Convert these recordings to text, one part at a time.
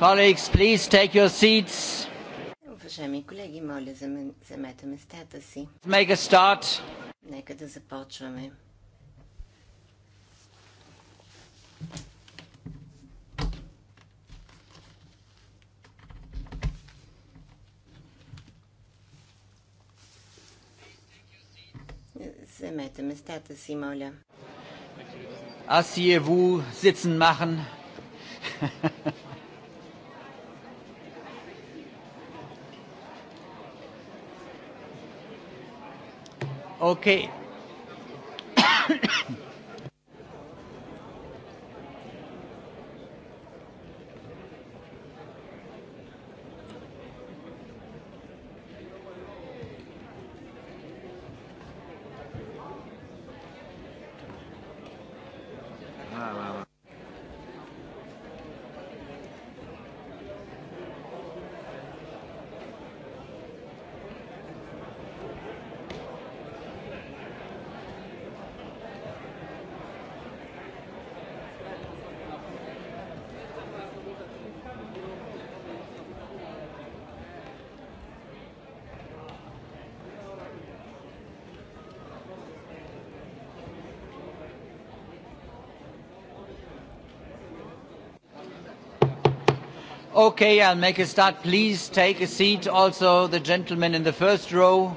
Colleagues, please take your seats. Уважаеми колеги, моля, вземете местата си. Make a start. Нека да започваме. Вземете местата си, моля. Аз и Еву sitzen machen. Okay. Okay, I'll make a start. Please take a seat. Also, the gentlemen in the first row.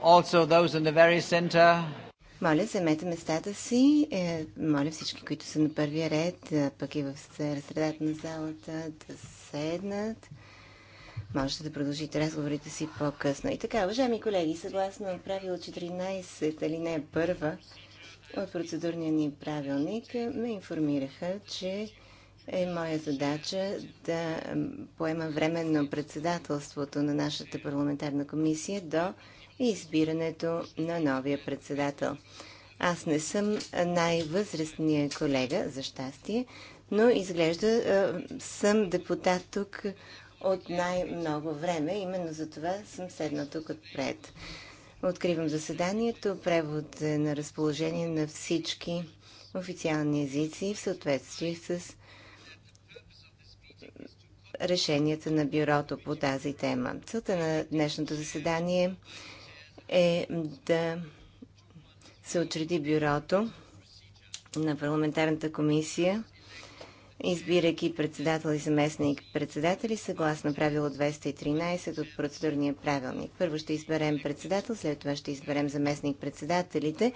Also, those in the very center. Моля, заемете местата си. Е, моля всички, които са на първия ред, пък и в средата на залата, да седнат. Можете да продължите разговорите си по-късно. И така, уважаеми колеги, съгласно правило 14, не първа, от процедурния ни правилник, ме информираха, че е моя задача да поема временно председателството на нашата парламентарна комисия до избирането на новия председател. Аз не съм най-възрастният колега, за щастие, но изглежда е, съм депутат тук от най-много време. Именно за това съм седна тук отпред. Откривам заседанието. Превод е на разположение на всички официални езици в съответствие с решенията на бюрото по тази тема. Целта на днешното заседание е да се учреди бюрото на парламентарната комисия избирайки председател и заместник председатели съгласно правило 213 от процедурния правилник. Първо ще изберем председател, след това ще изберем заместник председателите,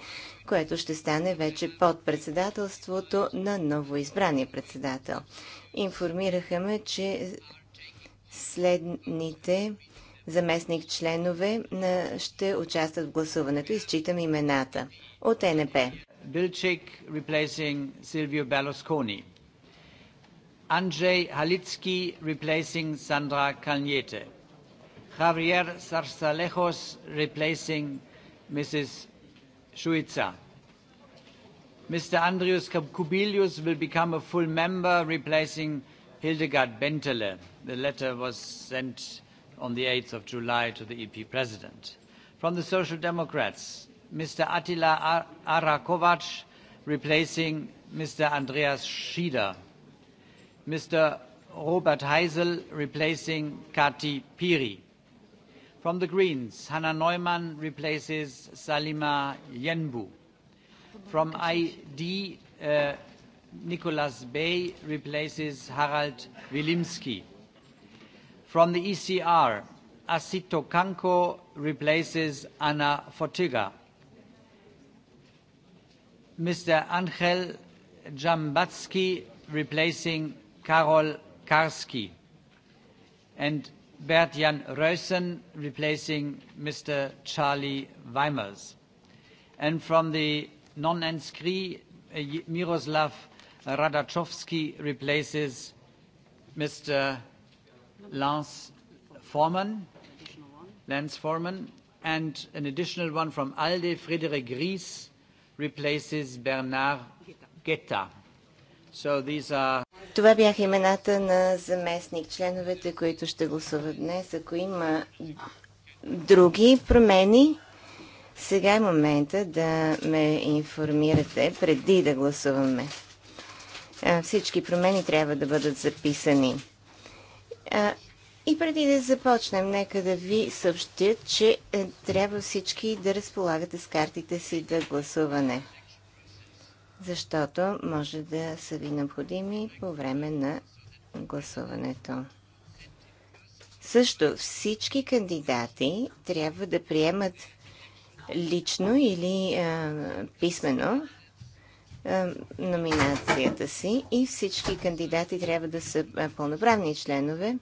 което ще стане вече под председателството на новоизбрания председател. Информираха ме, че следните заместник членове ще участват в гласуването. Изчитам имената. От НП. Билчик, replacing Силвио Белоскони. Andrzej Halicki replacing Sandra Kalniete. Javier Sarsalejos replacing Mrs. Schuica. Mr. Andrius Kubilius will become a full member, replacing Hildegard Bentele. The letter was sent on the 8th of July to the EP President. From the Social Democrats, Mr. Attila Arakovac replacing Mr. Andreas Schieder. Mr. Robert Heisel replacing Kati Piri. From the Greens, Hannah Neumann replaces Salima Yenbu. From ID, uh, Nicolas Bay replaces Harald Wilimski. From the ECR, Asito Kanko replaces Anna Fortiga. Mr. Angel Jambatsky replacing Karol Karski, and Bert-Jan Rösen replacing Mr. Charlie Weimers. And from the non-inscrit, Miroslav Radachowski replaces Mr. Lance Forman, Lance Forman, and an additional one from ALDE, Frédéric Ries replaces Bernard Guetta. So these are това бяха имената на заместник членовете, които ще гласуват днес. Ако има други промени, сега е момента да ме информирате преди да гласуваме. Всички промени трябва да бъдат записани. И преди да започнем, нека да ви съобщя, че е, трябва всички да разполагате с картите си за да гласуване защото може да са ви необходими по време на гласуването. Също всички кандидати трябва да приемат лично или а, писмено а, номинацията си и всички кандидати трябва да са пълноправни членове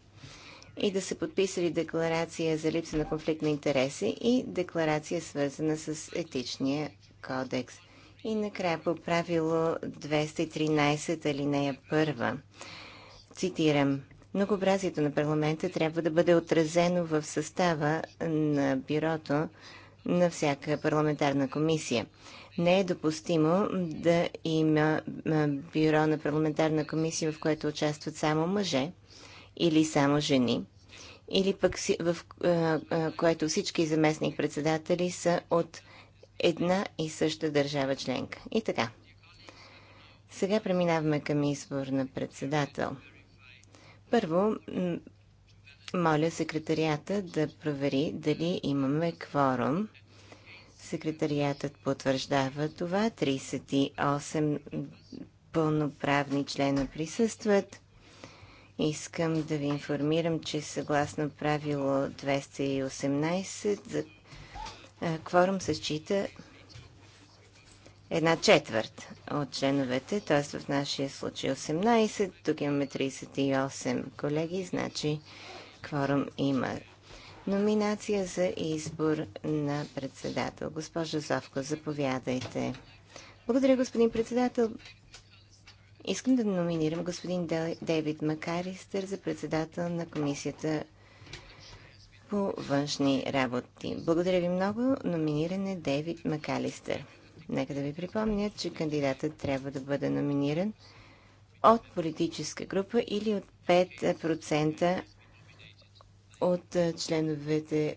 и да са подписали декларация за липса на конфликт на интереси и декларация свързана с етичния кодекс. И накрая по правило 213 алинея 1. Цитирам. Многообразието на парламента трябва да бъде отразено в състава на бюрото на всяка парламентарна комисия. Не е допустимо да има бюро на парламентарна комисия, в което участват само мъже или само жени, или пък в което всички заместник-председатели са от една и съща държава членка. И така. Сега преминаваме към избор на председател. Първо, моля секретарията да провери дали имаме кворум. Секретариатът потвърждава това. 38 пълноправни члена присъстват. Искам да ви информирам, че съгласно правило 218 за е, кворум се счита една четвърт от членовете, т.е. в нашия случай 18, тук имаме 38 колеги, значи кворум има. Номинация за избор на председател. Госпожа Завко, заповядайте. Благодаря, господин председател. Искам да номинирам господин Дейвид Макаристър за председател на комисията по външни работи. Благодаря ви много. Номиниран е Дейвид Макалистър. Нека да ви припомня, че кандидатът трябва да бъде номиниран от политическа група или от 5% от членовете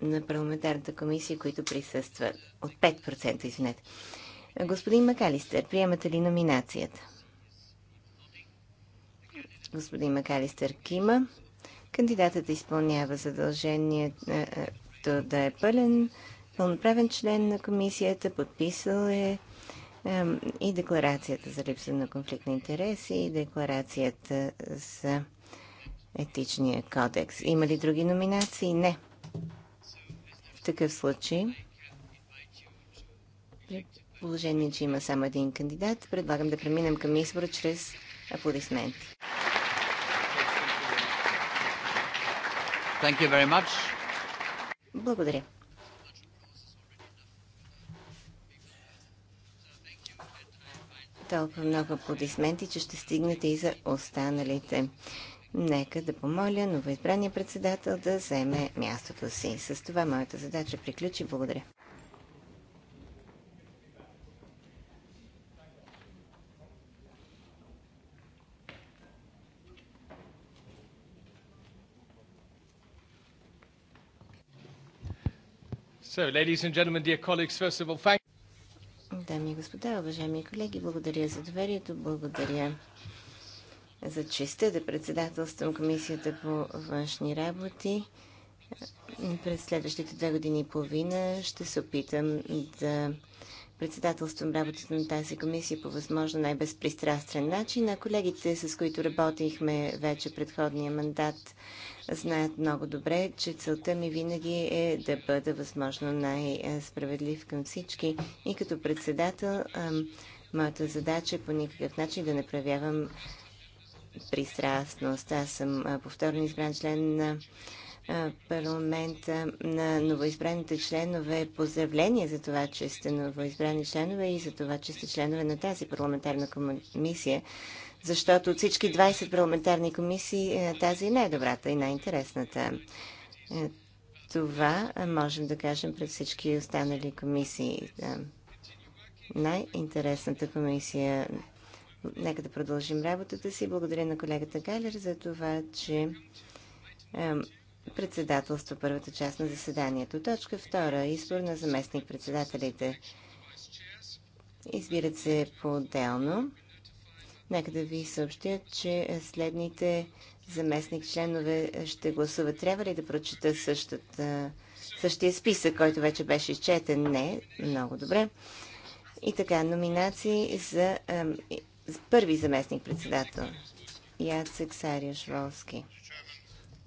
на парламентарната комисия, които присъстват. От 5%, извинете. Господин Макалистър, приемате ли номинацията? Господин Макалистър Кима. Кандидатът изпълнява задължението е, е, да е пълен, пълноправен член на комисията, подписал е, е и декларацията за липса на конфликт на интереси и декларацията за етичния кодекс. Има ли други номинации? Не. В такъв случай, при положение, че има само един кандидат, предлагам да преминем към избор чрез аплодисменти. Thank you very much. Благодаря. Толкова много аплодисменти, че ще стигнете и за останалите. Нека да помоля новоизбрания председател да вземе мястото си. С това моята задача приключи. Благодаря. So, ladies and gentlemen, dear colleagues, first of all, thank Дами и господа, уважаеми колеги, благодаря за доверието, благодаря за честа да председателствам Комисията по външни работи. През следващите две години и половина ще се опитам да председателствам работата на тази комисия по възможно най-безпристрастен начин, а колегите, с които работихме вече предходния мандат, знаят много добре, че целта ми винаги е да бъда възможно най-справедлив към всички. И като председател, моята задача е по никакъв начин да не проявявам пристрастност. Аз съм повторно избран член на парламента на новоизбраните членове поздравления за това, че сте новоизбрани членове и за това, че сте членове на тази парламентарна комисия, защото от всички 20 парламентарни комисии тази е най-добрата и най-интересната. Това можем да кажем пред всички останали комисии. Най-интересната комисия. Нека да продължим работата си. Благодаря на колегата Галер за това, че председателства първата част на заседанието. Точка втора. Избор на заместник председателите. Избират се по-отделно. Нека да ви съобщя, че следните заместник членове ще гласуват. Трябва ли да прочета същата, същия списък, който вече беше изчетен? Не. Много добре. И така, номинации за, а, за първи заместник председател. Яцек Сариош Волски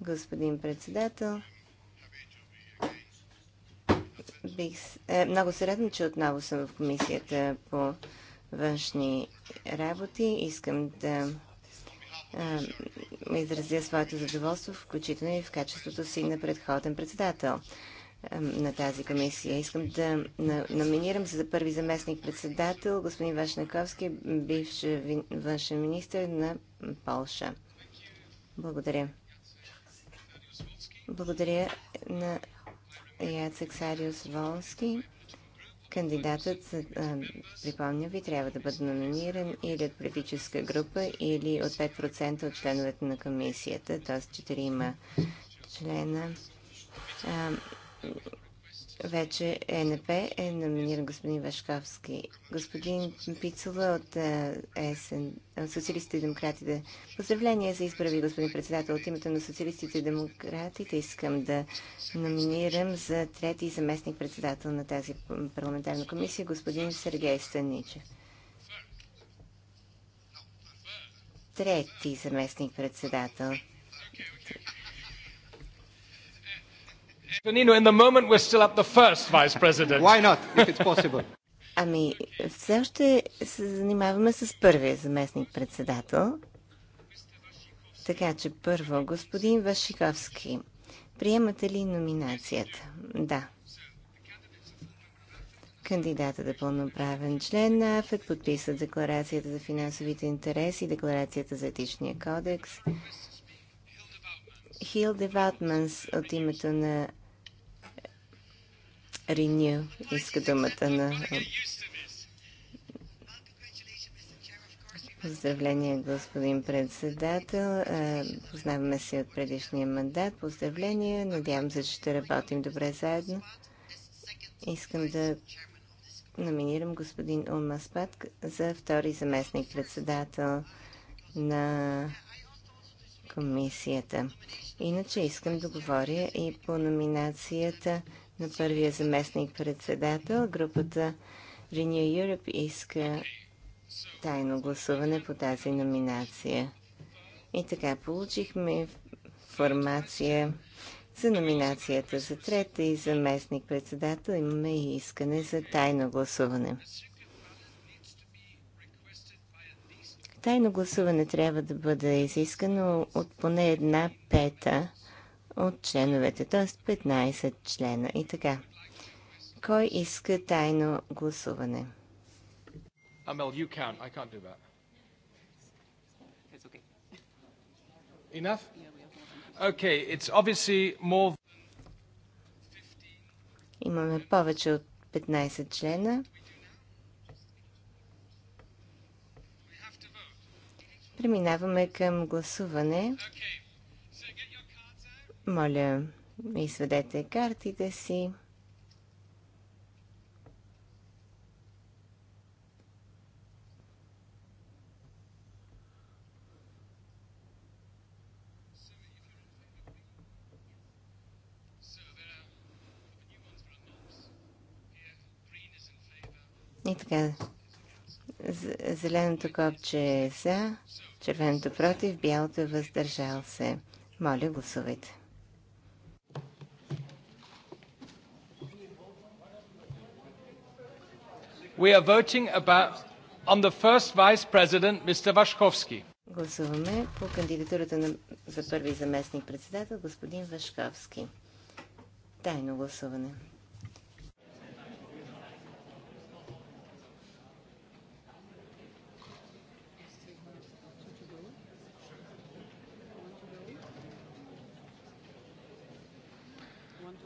господин председател. Бих, е, много се радвам, че отново съм в комисията по външни работи. Искам да е, изразя своето задоволство, включително и в качеството си на предходен председател е, на тази комисия. Искам да на, номинирам за първи заместник председател господин Вашнаковски, бивш външен министр на Полша. Благодаря. Благодаря на Яцек Сариус Волски. Кандидатът, припомня ви, трябва да бъде номиниран или от политическа група, или от 5% от членовете на комисията, т.е. 4 члена вече ЕНП е номиниран господин Вашковски. Господин Пицова от е, ЕСН, Социалистите и демократите. Поздравление за избора ви, господин председател. От името на Социалистите и демократите искам да номинирам за трети заместник председател на тази парламентарна комисия господин Сергей Станичев. Трети заместник председател. Tonino, in the moment we're still up the first vice president. Why not, if it's possible? Ами, все още се занимаваме с първия заместник председател. Така че първо, господин Вашиковски, приемате ли номинацията? Да. Кандидатът е пълноправен член на АФЕД, подписа декларацията за финансовите интереси, декларацията за етичния кодекс. Хил Деватманс от името на Риня иска думата на Поздравление, господин председател. Познаваме се от предишния мандат. Поздравления. Надявам се, че ще работим добре заедно. Искам да номинирам господин Умаспат за втори заместник председател на комисията. Иначе искам да говоря и по номинацията на първия заместник председател. Групата Renew Europe иска тайно гласуване по тази номинация. И така получихме информация за номинацията за трета и заместник председател. Имаме и искане за тайно гласуване. Тайно гласуване трябва да бъде изискано от поне една пета от членовете, т.е. 15 члена и така. Кой иска тайно гласуване? Амел, you count. I can't do that. Enough? Okay, it's obviously more... Имаме повече от 15 члена. Преминаваме към гласуване. Okay. Моля, изведете картите си. И така. Зеленото копче е за, червеното против, бялото е въздържал се. Моля, гласувайте. We are voting about on the first vice president, Mr. Vashkovsky. Гласуваме по кандидатурата на, за първи заместник председател, господин Вашковски. Тайно гласуване.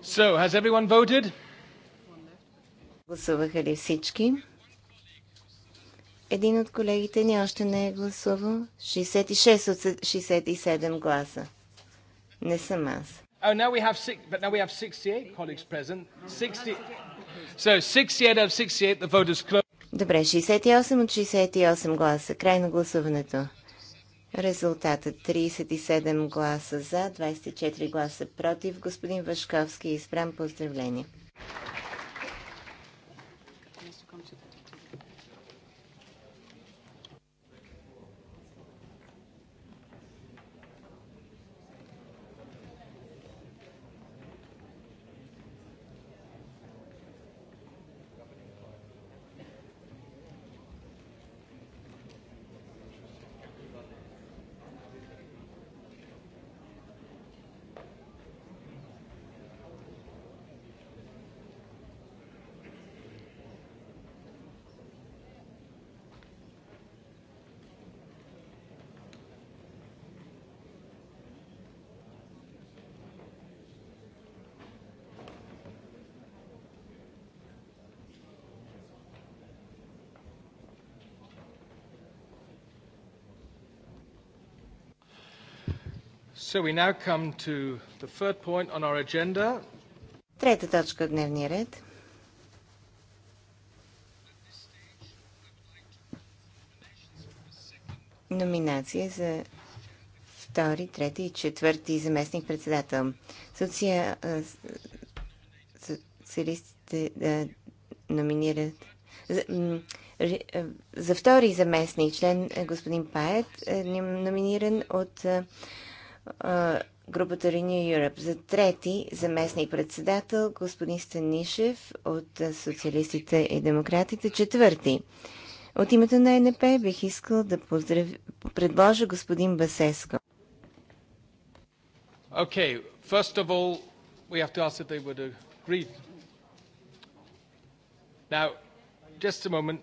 So, has everyone voted? Гласуваха ли всички? Един от колегите ни още не е гласувал. 66 от 67 гласа. Не съм аз. Oh, now we have six, but now we have 68 colleagues present. 60. So 68 of 68, the vote is closed. Добре, 68 от 68 гласа. Край на гласуването. Резултатът 37 гласа за, 24 гласа против. Господин Вашковски избран. Поздравление. we now come to the third point on our agenda. Трета точка от дневния ред. Номинация за втори, трети и четвърти заместник председател. Соция... Социалистите номинират за, втори заместник член е господин Паят е номиниран от групата Renew Europe. За трети заместник председател господин Станишев от Социалистите и Демократите. Четвърти. От името на НП бих искал да поздрав... предложа господин Басеско. Okay, first of all, we have to ask if they would agree. Now, just a moment,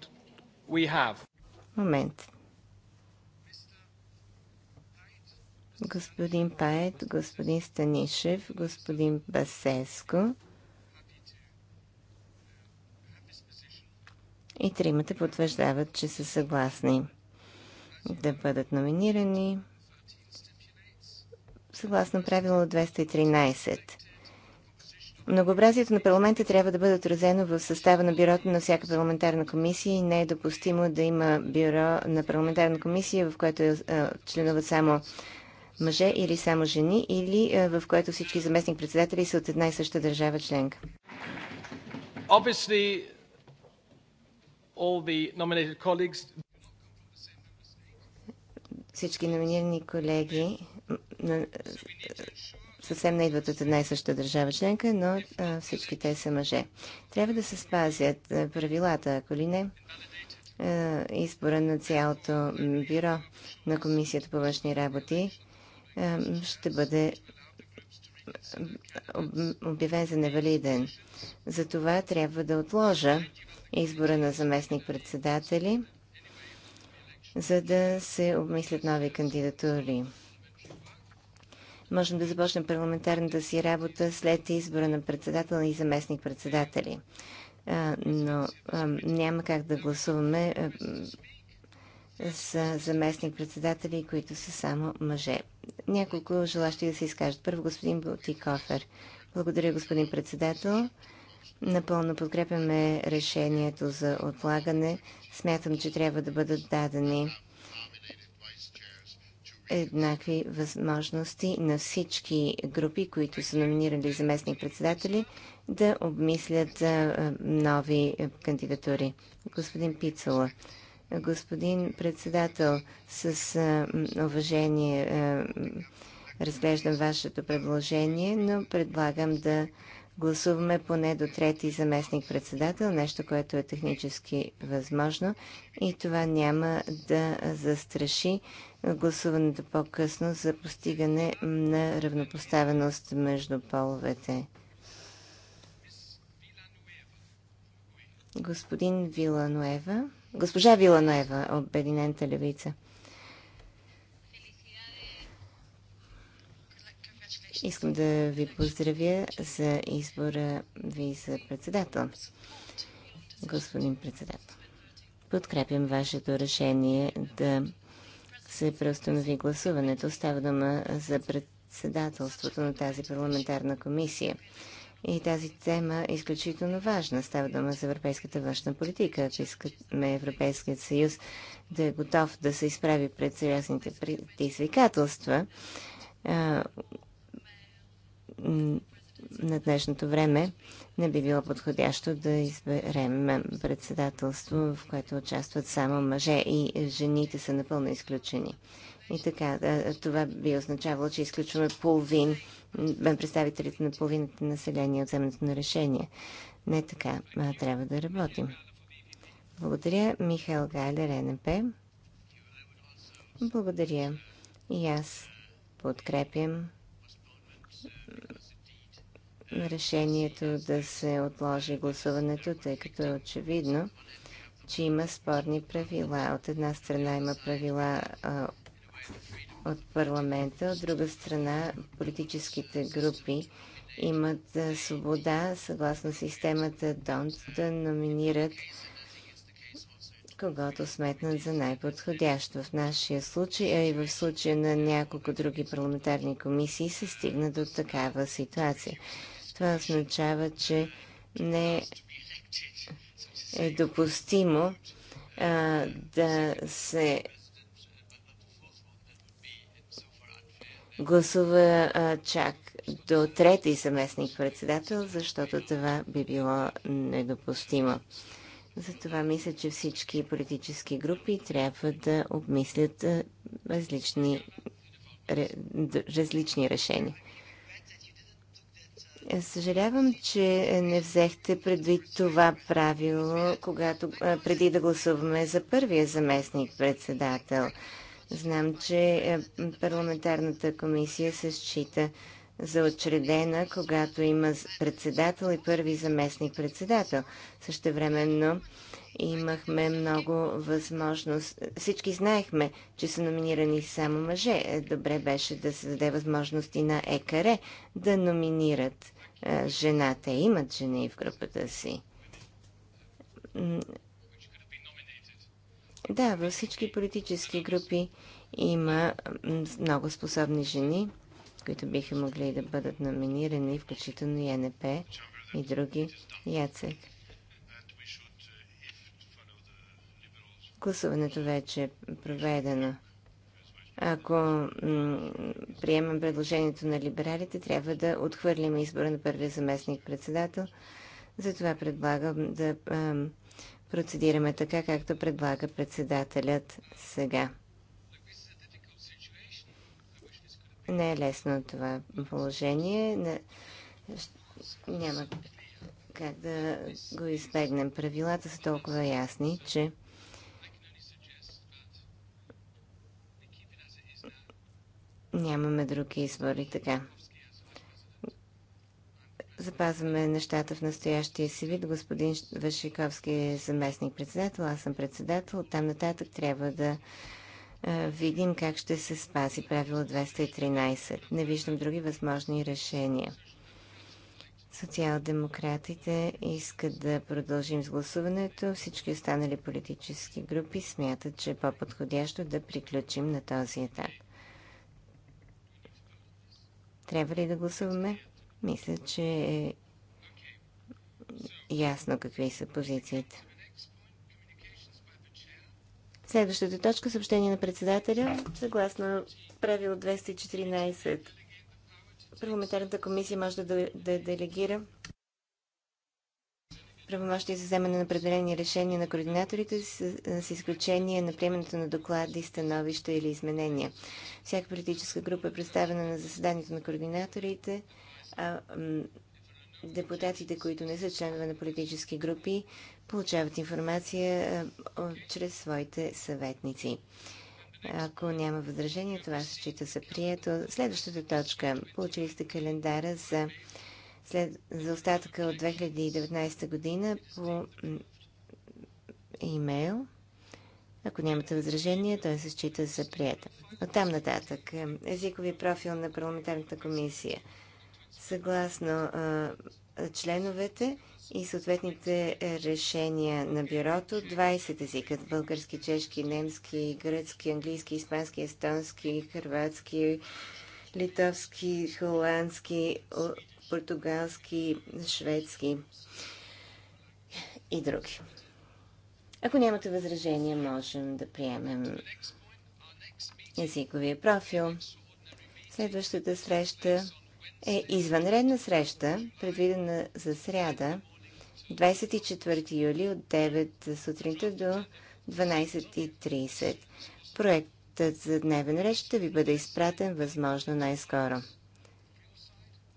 we have. Момент. господин Пает, господин Станишев, господин Басеско и тримата потвърждават, че са съгласни да бъдат номинирани съгласно правило 213. Многообразието на парламента трябва да бъде отразено в състава на бюрото на всяка парламентарна комисия и не е допустимо да има бюро на парламентарна комисия, в което е, членуват само мъже или само жени, или е, в което всички заместник-председатели са от една и съща държава членка. Всички номинирани колеги съвсем не идват от една и съща държава членка, но всички те са мъже. Трябва да се спазят е, правилата, ако ли не е, избора на цялото бюро на Комисията по външни работи ще бъде обявен за невалиден. Затова трябва да отложа избора на заместник-председатели, за да се обмислят нови кандидатури. Можем да започнем парламентарната си работа след избора на председател и заместник-председатели. Е, но няма как да гласуваме за заместник-председатели, които са само мъже. Няколко желащи да се изкажат. Първо господин Бутикофер. Благодаря, господин председател. Напълно подкрепяме решението за отлагане. Смятам, че трябва да бъдат дадени еднакви възможности на всички групи, които са номинирали заместник-председатели, да обмислят нови кандидатури. Господин Пицола, Господин председател, с а, уважение а, разглеждам вашето предложение, но предлагам да гласуваме поне до трети заместник председател, нещо, което е технически възможно и това няма да застраши гласуването по-късно за постигане на равнопоставеност между половете. Господин Вилануева. Госпожа Виланоева, Обединената левица. Искам да ви поздравя за избора ви за председател. Господин председател, подкрепям вашето решение да се преустанови гласуването. Става дума за председателството на тази парламентарна комисия. И тази тема е изключително важна. Става дума за европейската външна политика. че искаме Европейският съюз да е готов да се изправи пред сериозните предизвикателства на днешното време, не би било подходящо да изберем председателство, в което участват само мъже и жените са напълно изключени. И така, това би означавало, че изключваме половин представителите на половината население от вземането на решение. Не така трябва да работим. Благодаря, Михаил Гайлер, НП. Благодаря. И аз подкрепям решението да се отложи гласуването, тъй като е очевидно, че има спорни правила. От една страна има правила от парламента. От друга страна, политическите групи имат свобода, съгласно системата ДОНТ, да номинират когато сметнат за най-подходящ. В нашия случай, а и в случая на няколко други парламентарни комисии, се стигна до такава ситуация. Това означава, че не е допустимо а, да се гласува а, чак до трети съместник председател, защото това би било недопустимо. Затова мисля, че всички политически групи трябва да обмислят различни, различни решения. Съжалявам, че не взехте предвид това правило, когато, преди да гласуваме за първия заместник председател Знам, че е, парламентарната комисия се счита за учредена, когато има председател и първи заместник председател. Същевременно имахме много възможност. Всички знаехме, че са номинирани само мъже. Е, добре беше да се даде възможности на ЕКАРЕ да номинират е, жената. Имат жени в групата си. Да, във всички политически групи има много способни жени, които биха могли да бъдат номинирани, включително и НП и други. Яцек. Гласуването вече е проведено. Ако приемам предложението на либералите, трябва да отхвърлим избора на първия заместник председател. Затова предлагам да процедираме така, както предлага председателят сега. Не е лесно това положение. Няма как да го избегнем. Правилата са толкова ясни, че нямаме други избори така запазваме нещата в настоящия си вид. Господин Вашиковски е заместник-председател, аз съм председател. Оттам нататък трябва да видим как ще се спази правило 213. Не виждам други възможни решения. Социал-демократите искат да продължим с гласуването. Всички останали политически групи смятат, че е по-подходящо да приключим на този етап. Трябва ли да гласуваме? Мисля, че е ясно какви са позициите. Следващата точка съобщение на председателя. Съгласно правило 214, парламентарната комисия може да, да делегира правомощия за вземане на определени решения на координаторите с, с изключение на приемането на доклади, становища или изменения. Всяка политическа група е представена на заседанието на координаторите депутатите, които не са членове на политически групи, получават информация чрез своите съветници. Ако няма възражение, това се счита за прието. Следващата точка. Получили сте календара за, след, за остатъка от 2019 година по имейл. Ако нямате възражение, той се счита за прието. От там нататък. Езикови профил на парламентарната комисия съгласно членовете и съответните е, решения на бюрото. 20 езика – български, чешки, немски, гръцки, английски, испански, естонски, хрватски, литовски, холандски, португалски, шведски и други. Ако нямате възражение, можем да приемем езиковия профил. Следващата среща е извънредна среща, предвидена за сряда, 24 юли от 9 сутринта до 12.30. Проектът за дневен ред ще ви бъде изпратен възможно най-скоро.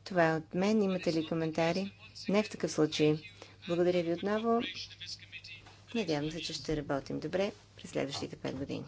Това е от мен. Имате ли коментари? Не в такъв случай. Благодаря ви отново. Надявам се, че ще работим добре през следващите 5 години.